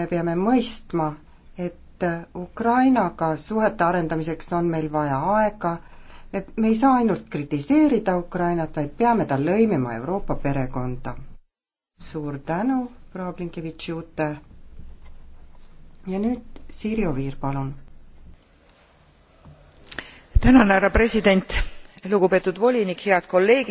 me peame mõistma, et Ukrainaga suhete arendamiseks on meil vaja aega, me, me ei saa ainult kritiseerida Ukrainat, vaid peame tal lõimima Euroopa perekonda. suur tänu, proua Blinkevitš-Juute. ja nüüd Siiri Oviir, palun. tänan, härra president, lugupeetud volinik, head kolleegid.